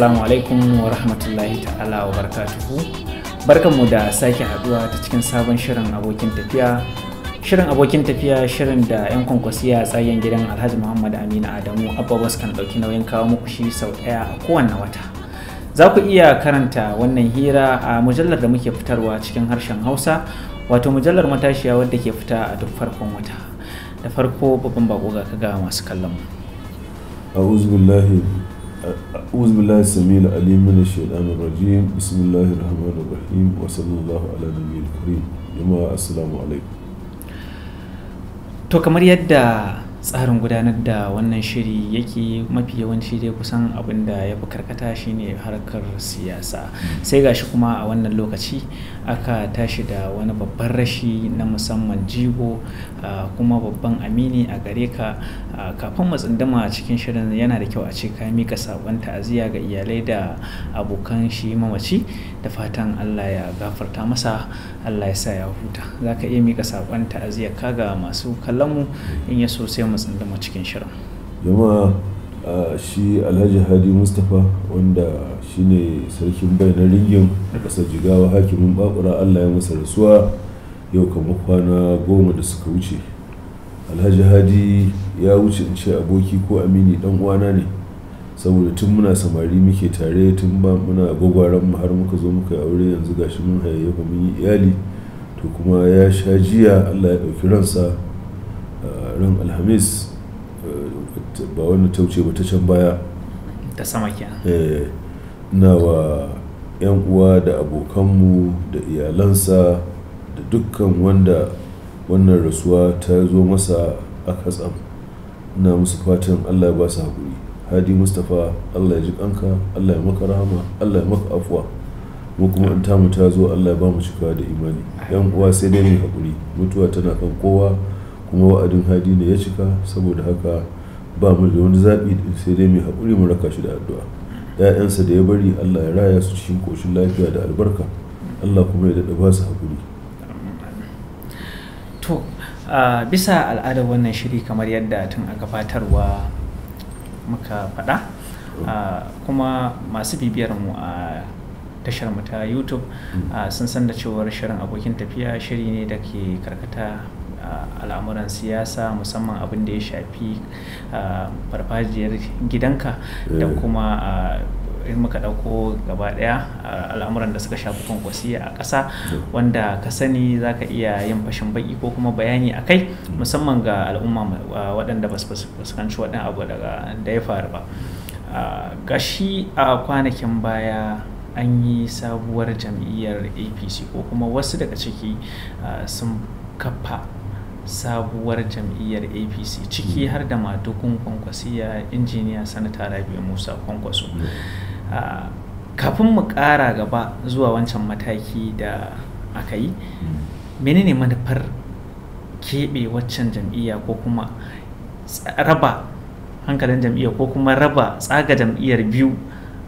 assalamu alaikum wa rahmatullahi ta'ala wa barakatuhu barkanmu da sake haduwa ta cikin sabon shirin abokin tafiya shirin abokin tafiya shirin da 'yan kwankwasiya a tsagen gidan alhaji muhammad aminu adamu abbabas kan dauki nauyin kawo muku shi sau daya a kowanne wata za ku iya karanta wannan hira a mujallar da muke fitarwa cikin harshen hausa wato mujallar matashiya wadda ke fita a duk farkon wata da farko babban bako ga kaga masu kallon mu أعوذ أعوذ بالله السميع العليم من الشيطان الرجيم بسم الله الرحمن الرحيم وصلى الله على النبي الكريم جماعة السلام عليكم to kamar tsarin gudanar da wannan shiri yake mafi yawanci dai kusan abin da ya fi karkata shine harkar siyasa hmm. sai gashi kuma a wannan lokaci aka tashi da wani babban rashi na musamman jigo kuma babban amini a gare ka kafin matsindama a cikin shirin yana da kyau a ce ka mika sabon ta'aziyya ga iyalai da abokan shi mamaci da fatan allah ya gafarta masa allah ya sa ya huta za ka iya mika sabon ta'aziyya ka ga masu kallonmu in ya so sai mu tsunduma cikin shirin jama'a shi alhaji hadi mustapha wanda shine sarkin bai na ringin a ƙasar jigawa hakimin bakura allah ya masa rasuwa yau kamar kwana goma da suka wuce alhaji hadi ya wuce in ce aboki ko amini dan uwana ne saboda tun muna samari muke tare tun ba muna gwagwaran mu har muka zo muka aure yanzu gashi mun hayayyafa mun yi iyali to kuma ya sha jiya allah ya ɗauki ransa ran alhamis eh, ba wani tauce ba ta can baya ta sama eh, na wa 'yan uwa da abokanmu da iyalansa da dukkan wanda wannan rasuwa ta zo masa a katsam na musu fatan allah ya ba su haƙuri hadi mustapha allah ya ji kanka allah ya maka rahama allah ya maka afuwa mu kuma an tamu ta zo allah ya ba mu cika da imani yan uwa sai dai mai haƙuri mutuwa tana kan kowa kuma wa'adin hadi ne ya cika saboda haka ba mu da wani zaɓi sai dai mai haƙuri mu raka shi da addu'a ‘ya'yansa da ya bari allah ya raya su cikin ƙoshin lafiya da albarka allah kuma ya daɗa ba su haƙuri to bisa al'adar wannan shiri kamar yadda tun a gabatarwa muka faɗa kuma masu bibiyar mu a tashar mu ta youtube sun san da cewar shirin abokin tafiya shiri ne da ke karkata al'amuran siyasa musamman abin da ya shafi farfajiyar gidanka da eh. kuma in muka ɗauko gaba ɗaya al'amuran da suka shafi kwankwasi a ƙasa eh. wanda ka sani za ka iya yin fashin baki ko kuma bayani a kai hmm. musamman ga al'umma waɗanda ba su fuskanci waɗannan abu da ya faru ba gashi a kwanakin baya an yi sabuwar jam'iyyar apc ko kuma wasu daga ciki sun kafa sabuwar jam'iyyar apc ciki hmm. har da matukun kwankwasiya injiniya sanata Rabi musa kwankwaso hmm. ah, kafin mu ƙara gaba zuwa wancan mataki da aka yi hmm. menene manufar keɓe waccan jam'iyya ko kuma raba hankalin jam'iyya ko kuma raba tsaga jam'iyyar biyu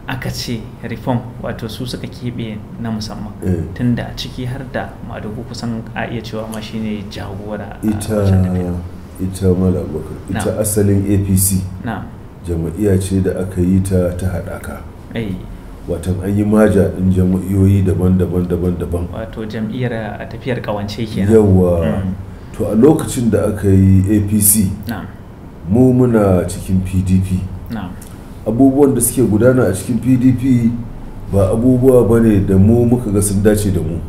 aka ce reform wato su suka keɓe na musamman eh. tunda a ciki har da madugu kusan a iya cewa ma shine jagora ita ita malabakar ita asalin apc jama'iya ce da aka yi ta ta haɗaka eh. watan an yi maja ɗin jama'iyoyi daban-daban daban-daban wato jam'iyyar a tafiyar ƙawance kenan yawa mm. to a lokacin da aka yi apc mu muna cikin pdp abubuwan da suke gudana a cikin pdp ba abubuwa ba ne da mu muka ga sun dace da mu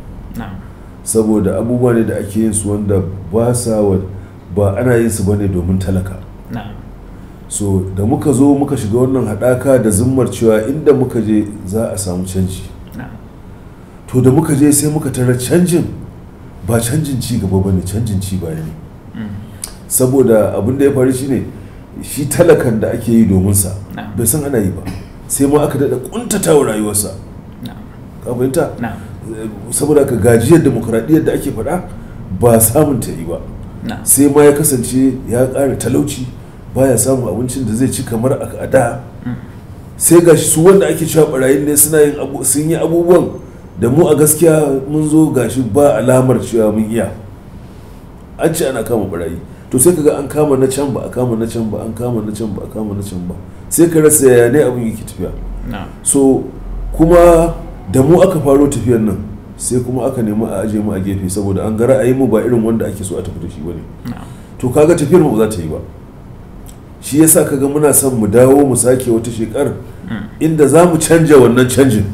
saboda abubuwa ne da ake yin su wanda ba sa wa ba ana yin su ba ne domin talaka so da muka zo muka shiga wannan haɗaka da zimmar cewa inda muka je za a samu canji to da muka je sai muka tara canjin ba canjin ci gaba ba ne canjin ci baya ne mm. saboda abin da ya faru shine ne shi talakan da ake yi domin sa bai san ana yi ba sai ma aka daɗa kuntata wa rayuwarsa ka fahimta saboda ka gajiyar demokradiyyar da ake faɗa ba samun ta yi ba sai ma ya kasance ya ƙara talauci baya samun abincin da zai ci kamar a da mm. sai ga su wanda ake cewa barayin ne suna yin sun yi abubuwan da mu a gaskiya mun zo gashi ba alamar cewa mun iya an ce ana kama barayi to sai kaga an kama na can ba a kama na can ba an kama na can ba a kama na can ba sai ka rasa yaya ne abin yake tafiya so kuma da mu aka faro tafiyar nan sai kuma aka nemi a aje mu a gefe saboda an ga yi mu ba irin wanda ake so a tafi da shi bane to kaga tafiyar mu ba za ta yi ba shi yasa kaga muna son mu dawo mu sake wata shekar hmm. inda za mu canja wannan canjin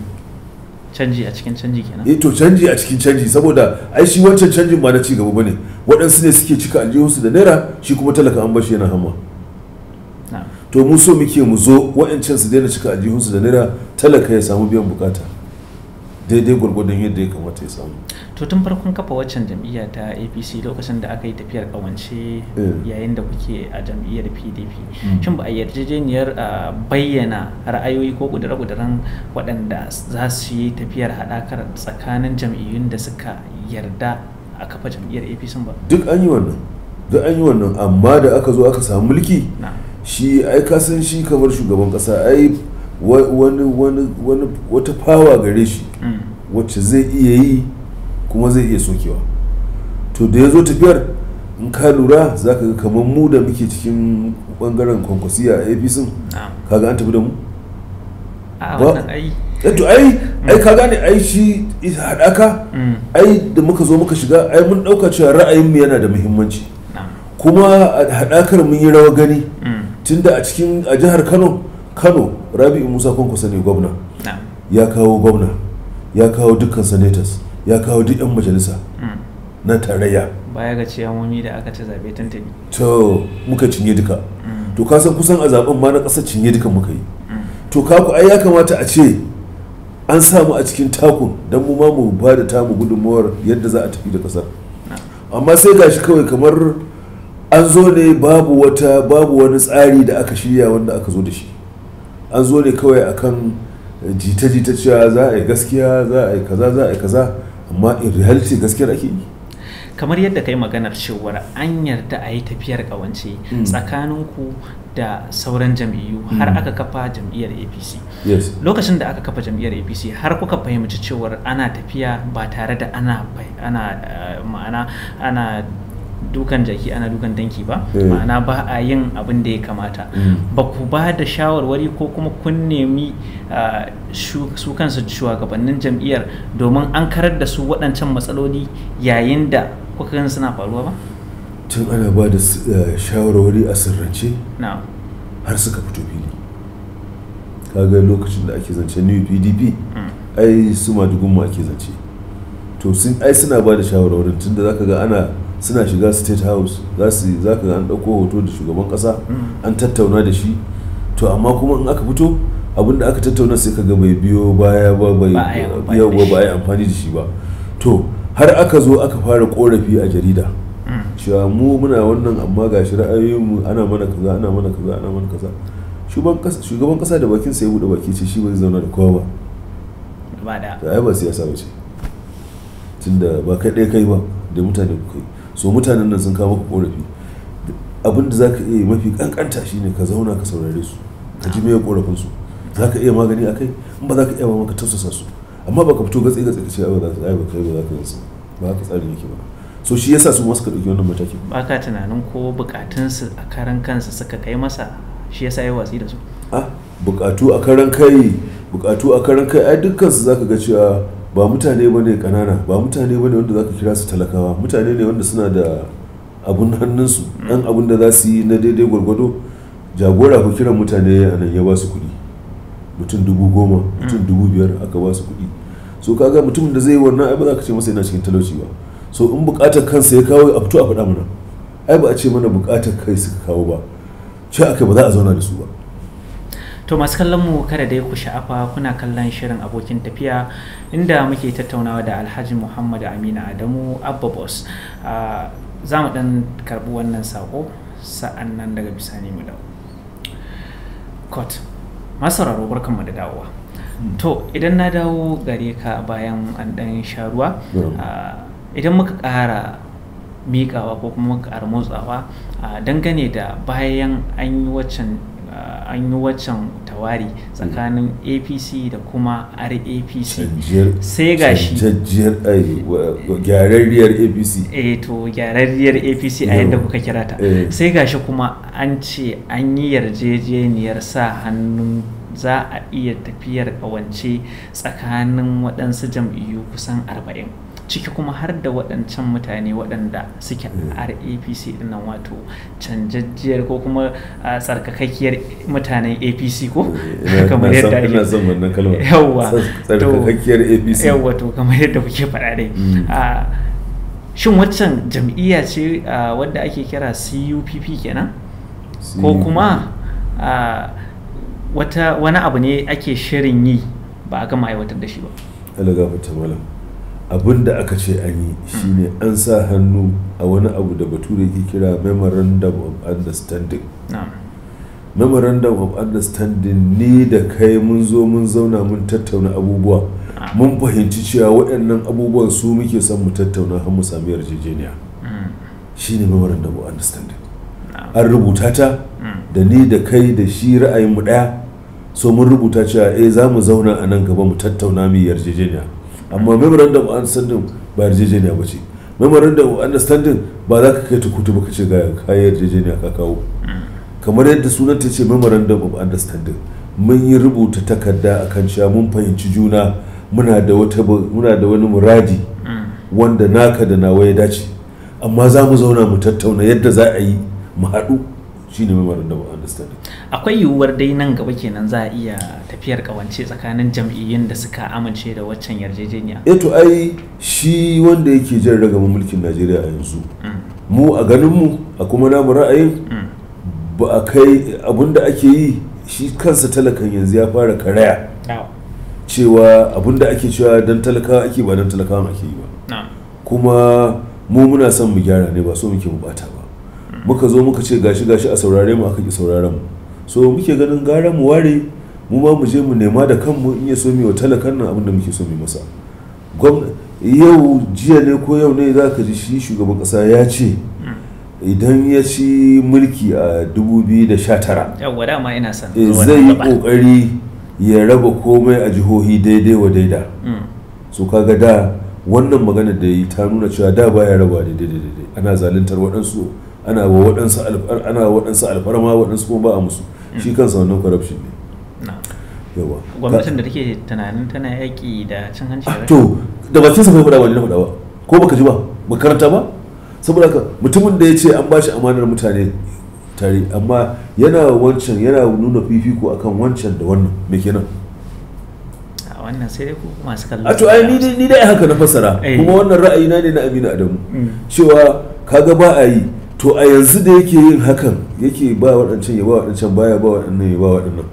canji a cikin canji kenan eh to canji a cikin canji saboda ai shi wancan canjin ba na ci gaba bane waɗansu ne suke cika aljihunsu da naira shi kuma talaka an bashi yana hama to mu so muke mu zo waɗancan su daina cika aljihunsu da naira talaka ya samu biyan bukata daidai gwargwadon yadda ya kamata ya samu to tun farkon kafa waccan jam'iyya ta apc lokacin da aka yi tafiyar kawance eh. yayin da kuke a jam'iyyar pdp hmm. shin ba a yarjejeniyar bayyana ra'ayoyi ko kudura-kuduran waɗanda za su yi tafiyar haɗakar tsakanin jam'iyyun da suka yarda a kafa jam'iyyar apc ba duk an yi wannan duk an yi wannan amma da aka zo aka samu mulki shi ai ka san shi kamar shugaban kasa ai wata fawa gare shi mm. wacce zai iya yi kuma zai iya sokewa to da ya zo tafiyar in ka lura za ka ga kamar mu da muke cikin bangaren kwankwasiya a apc kaga an tafi da mu eh to ai mm. ai ka gane ai shi haɗaka mm. ai da muka zo muka shiga ai mun ɗauka cewa mu yana da muhimmanci kuma haɗakar mun yi rawa gani tunda a cikin a jihar kano kano rabi'u musa kwankwasa ne gwamna ya kawo gwamna ya kawo dukkan senators ya kawo duk 'yan majalisa hmm. na tarayya baya ga wani da aka ci zaɓe tuntuni to muka cinye duka hmm. to ka san kusan a zaben ma na ƙasar cinye duka muka yi hmm. to kaku ai ya kamata a ce an samu a cikin takun don mu ma mu ba da tamu gudunmawar yadda za a tafi da ƙasar amma sai gashi kawai kamar an zo ne babu wata babu wani tsari da aka shirya wanda aka zo da shi an zo ne kawai akan jita-jita cewa za a yi gaskiya za a yi kaza za a yi kaza amma in reality gaskiyar ake yi kamar yadda kai maganar cewar an yarda a yi tafiyar kawance mm. tsakaninku da sauran jam'iyyu har mm. aka kafa jam'iyyar apc lokacin da aka kafa jam'iyyar apc har kuka fahimci cewar ana tafiya ba tare da ana eh, ma'ana ana dukan jaki ana dukan danki ba eh. ma'ana ba a yin abin da ya kamata mm. ba ku ba da shawarwari ko kuma kun nemi ah, su kansu shugabannin jam'iyyar domin an karar da su waɗancan matsaloli yayin da kuka gan suna faruwa ba tun ana ba da eh, shawarwari a sirrance har suka fito fili kaga lokacin da ake zance new pdp mm. ai su madugun ma ake zance to sun ai suna ba da shawarwarin za zaka ga ana suna shiga state house za su za ka an ɗauko hoto da shugaban ƙasa mm. an tattauna da shi to amma kuma in aka fito abin da aka tattauna sai ka ga bai biyo baya ba bai biyo ba bai amfani da shi ba to har aka zo aka fara korafi a jarida mm. cewa mu muna wannan amma ga shi ra'ayoyinmu ana mana kaza ana mana kaza ana mana kaza shugaban kasa da bakin sai bude baki ce shi bai zauna da kowa ba da ai ba siyasa ba ce tunda ba kai ɗaya kai ba da mutane ku kai so mutanen nan sun kawo korafi abin da za ka iya mafi kankanta shine ka zauna ka saurare su ka ji mai korafin su za ka iya magani a kai in ba za ka iya ba maka tausasa su amma ba ka fito gatsi gatsi ka ce ai ba za ka ai ba kai ba za ka yansu ba ka tsari yake ba so shi yasa su masu ka wannan mataki ba ka tunanin ko su a karan kansa suka kai masa shi yasa yi watsi da su ah bukatu a karan kai bukatu a karan kai ai dukkan su zaka ga cewa ba mutane ba ne ƙanana ba mutane ba ne wanda za ka kira su talakawa mutane ne wanda suna da abun hannunsu ɗan abun da za su yi na daidai gwargwado jagora ku kiran mutane a nan ya ba su kuɗi mutum dubu goma mutum dubu biyar aka ba su kuɗi so kaga mutumin da zai yi wannan ai ba za ka ce masa yana cikin talauci ba so in buƙatar kansa ya kawo a fito a faɗa mana ai ba a ce mana buƙatar kai suka kawo ba ce aka ba za a zauna da su ba to masu kallon mu kada dai ku sha'afa kuna kallon shirin abokin tafiya inda muke tattaunawa da alhaji muhammad amina adamu abba boss ah, za mu dan karbi wannan sako sa'an nan daga bisani mu dau kot masararo barkan mu da dawowa hmm. to idan na dawo gare ka bayan an dan sha ruwa ah, idan muka ƙara miƙawa ko kuma muka ƙara motsawa ah, dangane da bayan an yi waccan an yi waccan tawari tsakanin apc da kuma rapc sai ga shi gyararriyar apc eh, to gyararriyar apc a yadda kuka kira ta eh. sai ga shi kuma an ce an yi yarjejeniyar sa hannun za a iya tafiyar kawance tsakanin waɗansu jam'iyyu kusan arba'in ciki kuma har da waɗancan mutane waɗanda suke hmm. rapc dinnan wato canjajjiyar ko kuma tsarkakakkiyar mutanen apc ko eh, kamar yadda ina son wannan yawa to kamar yadda kuke faɗa dai hmm. shin waccan jam'iyya ce wadda ake kira cupp kenan ko kuma wata wani abu ne ake shirin yi ba a gama aiwatar da shi ba. Allah gafarta malam. abin da aka ce an yi shine an sa hannu a wani abu da bature ke kira memorandum of understanding memorandum of understanding ni da kai mun zo mun zauna mun tattauna abubuwa mun fahimci cewa waɗannan abubuwan su muke son mu tattauna har mu sami yarjejeniya mm. shine memorandum of understanding an rubuta ta mm. da ni da kai da shi ra'ayin mu ɗaya so mun rubuta cewa eh za mu zauna a nan gaba mu tattauna mu yarjejeniya amma memorandum of understanding ba yarjejeniya ba ce memorandum understanding ba za ka kai ta kutu ba ka ce ga kayan yarjejeniya ka kawo kamar yadda sunan ta ce memorandum of understanding mun yi rubuta takarda akan cewa mun fahimci juna muna da wata muna da wani muradi wanda naka da nawa ya dace amma za mu zauna mu tattauna yadda za a yi mu haɗu shi ne da of understand. akwai yiwuwar dai nan gaba kenan za a iya tafiyar kawance tsakanin jam'iyyun da suka amince da waccan yarjejeniya eto eh ai shi wanda yake jan ragaman mulkin najeriya a yanzu mm. mu a ganin mu a kuma namu ra'ayin mm. ba a kai abinda ake yi shi kansa talakan yanzu ya fara karaya cewa abinda ake cewa dan talaka ake ba dan talaka ake yi ba kuma mu muna son mu gyara ne ba so muke mu bata ba muka zo muka ce gashi gashi a saurare mu aka ki sauraron mu so muke ganin gara mu ware mu muje mu je mu nema da kanmu in ya so mu talakan nan abinda da muke so mu masa yau jiya ne ko yau ne za ka ji shi shugaban kasa ya ce idan ya ci mulki a 2019 eh, zai yi kokari ya raba komai a jihohi daidai wa daida mm. so kaga da wannan magana da yi ta nuna cewa da baya raba daidai daidai ana zaluntar waɗansu ana wa waɗansu ana waɗansu waɗansu kuma ba a musu shi mm. kansa wannan corruption ne yawa gwamnatin da take tunanin tana yaƙi da cin hanci da ah, to da bakin sa kai faɗa wani na faɗa ba ko baka ji ba makaranta ba saboda haka mutumin da ya ce an bashi amanar mutane tare amma yana wancan yana nuna fifiko akan wancan da wannan me kenan wannan sai dai ku masu kallon a to ai ni dai haka na fasara eh. kuma wannan ra'ayi na ne na Aminu Adamu mm. cewa kaga ba a yi to a yanzu da yake yin hakan yake ba waɗancan ya ba waɗancan baya ba waɗannan ya ba waɗannan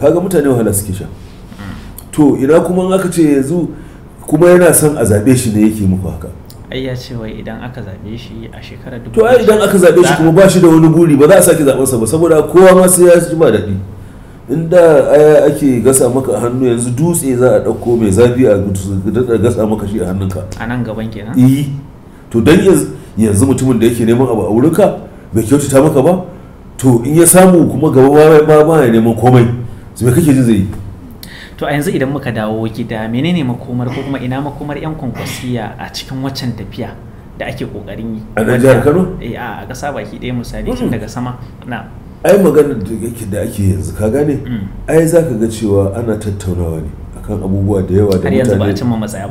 kaga mutane wahala suke sha to ina kuma aka ce yanzu kuma yana son a zaɓe shi ne yake muku haka ai ya ce wai idan aka zaɓe shi a shekarar dubu to ai idan aka zaɓe shi kuma ba shi da wani buri ba za a sake zaɓen sa ba saboda kowa ma sai ya ji ba daɗi inda aya ake gasa maka a hannu yanzu dutse za a ɗauko mai zafi a gasa maka shi a hannunka a nan gaban kenan eh to dan yanzu yanzu mutumin da yake neman abu a wurinka bai kyautata maka ba to in ya samu kuma gaba ba ba ya neman komai su kake ji zai yi to a yanzu idan muka dawo gida menene makomar ko kuma ina makomar yan kwankwasiya a cikin waccan tafiya da ake kokarin yi a nan jihar Kano eh a kasa baki ɗaya misali tun mm. daga sama na ai maganar da ake yanzu ka gane mm. ai zaka ga cewa ana tattaunawa ne akan abubuwa da yawa da mutane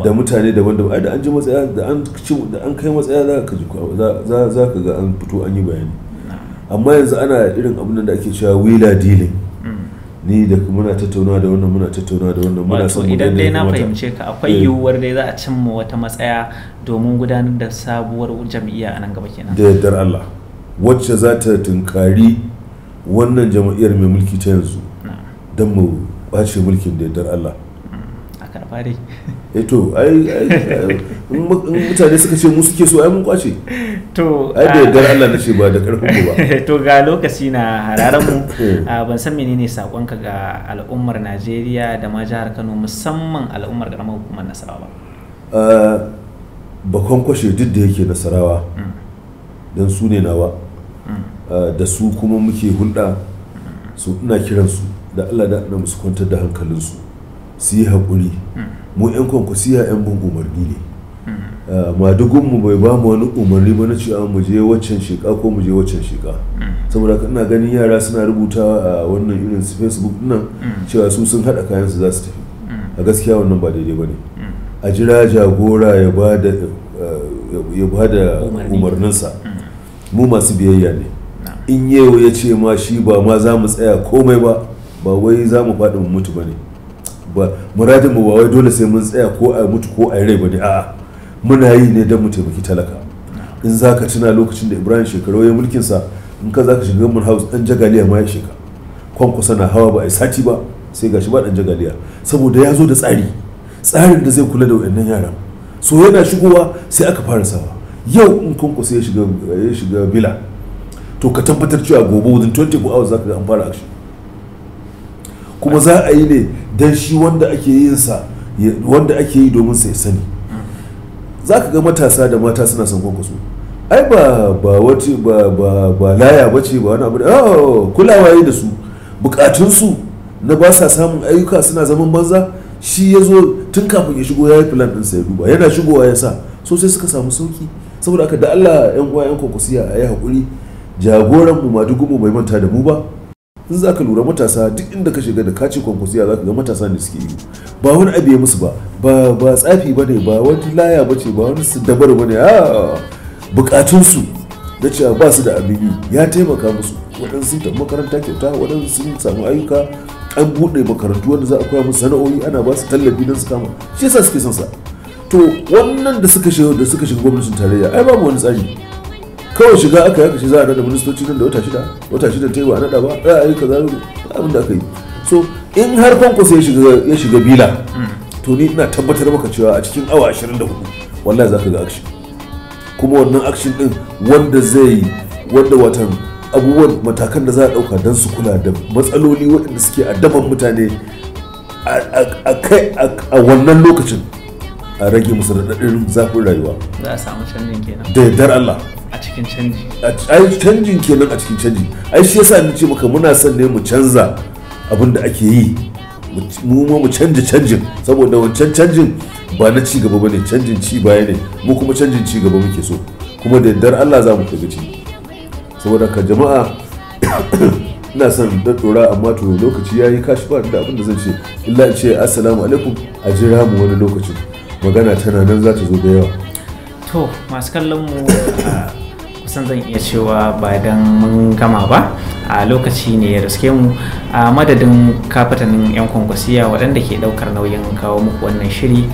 da mutane daban-daban da an ji matsaya da an ci da an kai matsaya za ka ji za za ka ga an fito an yi bayani amma yanzu ana irin abin da ake cewa wheeler dealing hmm. ni da muna tattauna da wannan muna tattauna da wannan muna son idan dai na fahimce ka akwai eh. yiwuwar dai za a cimma wata matsaya domin gudanar da sabuwar jam'iyya a nan gaba kenan da yardar Allah wacce za ta tunkari wannan jam'iyyar mai mulki ta yanzu don mu ɓace mulkin da yardar Allah karba dai eh ai in mutane suka ce mu suke so ai mun kwace to ai da yardar Allah na ce ba da karfin ba eh, to ga lokaci na hararan mu eh. ban san menene sakonka ga al'ummar Najeriya da ma jihar Kano musamman al'ummar karamar hukumar Nasarawa ba bakon kwashe duk da yake Nasarawa mm. dan su ne nawa mm. da su kuma muke hulɗa mm. su ina kiransu da Allah da musu kwantar da hankalinsu su yi haƙuri mu 'yan yi 'yan bin umarni ne ma ah, madugunmu bai ba mu wani umarni ba na cewa mu je waccan sheka ko mu je waccan sheka saboda ina ganin yara suna rubuta a wannan irin su facebook nan cewa su sun haɗa kayan su za su tafi a gaskiya wannan ba daidai ba ne a jira jagora ya ba da eh, umarninsa mm. mu masu biyayya ne in yau ya ce ma shi ba ma za mu tsaya komai ba ba wai za mu faɗi mu mutu ba ne ba muradin mu ba wai dole sai mun tsaya ko a mutu ko a rai ba ne a'a muna yi ne don mu taimaki talaka in za ka tuna lokacin da ibrahim shekaru ya mulkin sa in ka za ka shiga mun house dan jagaliya ma ya shiga kusa na hawa ba a sati ba sai gashi ba dan jagaliya saboda ya zo da tsari tsarin da zai kula da waɗannan yaran so yana shigowa sai aka fara sawa yau in kusa ya shiga bila to ka tabbatar cewa gobe within 24 hours za ka ga an fara action kuma za a yi ne don shi wanda ake yin sa wanda ake yi domin sai sani za ka ga matasa da mata suna son kwankwaso ai ba ba wace ba ba ba laya ce ba wani abu da oh, kulawa yi da su bukatunsu na ba sa samun ayyuka suna zaman banza shi ya zo tun kafin ya shigo ya yi filan ɗinsa ya duba yana shigowa ya sa sosai suka samu sauki saboda aka da allah yan uwa yan a yi haƙuri jagoran mu madugun mu bai manta da mu ba in za ka lura matasa duk inda ka shiga da kaci kwankwasiya za ka ga matasa ne suke yi ba wani abu ya musu ba ba tsafi ba ne ba wani laya ba ce ba wani dabar ba ne bukatunsu na cewa ba su da abin ya taimaka musu waɗansu sun tafi makaranta kyauta waɗansu sun samu ayyuka an buɗe makarantu wanda za a koya musu sana'o'i ana ba su tallafi don su kama shi yasa suke son sa to wannan da suka shiga da suka shiga gwamnatin tarayya ai babu wani tsari kawai shiga aka yaka shi za a da ministoci nan da wata shida wata shida ta yi wa nada ba ya a yi kaza abin da aka yi so in har kwankwaso ya shiga bila to ni ina tabbatar maka cewa a cikin awa 24 wallahi za ka ga action kuma wannan action din wanda zai yi wanda watan abubuwan matakan da za a dauka don su kula da matsaloli waɗanda suke a daban mutane a kai a wannan lokacin a rage musu raɗaɗin zafin rayuwa za a samu canjin kenan da yardar Allah cikin canji ai canjin kenan a cikin canji ai shi yasa ni ce maka muna son ne mu canza abin da ake yi mu ma mu canja canjin saboda wancan canjin ba na ci gaba bane canjin ci baya ne mu kuma canjin ci gaba muke so kuma da yardar Allah za mu kaga ci saboda ka jama'a ina son daddora amma to lokaci yayi kashi ba da abin da zan ce illa ce assalamu alaikum a jira mu wani lokacin magana tana nan za ta zo da yawa to masu kallon mu san zan iya cewa ba don mun gama ba a lokaci ne ya riske mu a madadin kafatanin 'yan kwankwasiya waɗanda ke ɗaukar nauyin kawo muku wannan shiri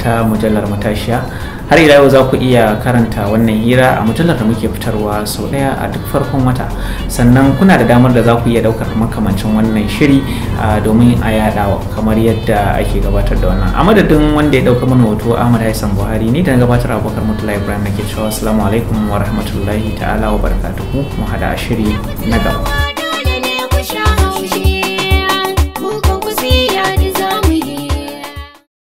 ta mujallar matashiya har ila yau za ku iya karanta wannan hira a mujallar da muke fitarwa sau ɗaya a duk farkon wata sannan kuna da damar da za ku iya ɗaukar makamancin wannan shiri domin a yaɗa kamar yadda ake gabatar da wannan a madadin wanda ya ɗauka mana hoto ahmad haisan buhari ne da na gabatar abokar mutula ibrahim nake cewa assalamu alaikum wa rahmatullahi ta'ala wa barakatuhu mu hada shiri na gaba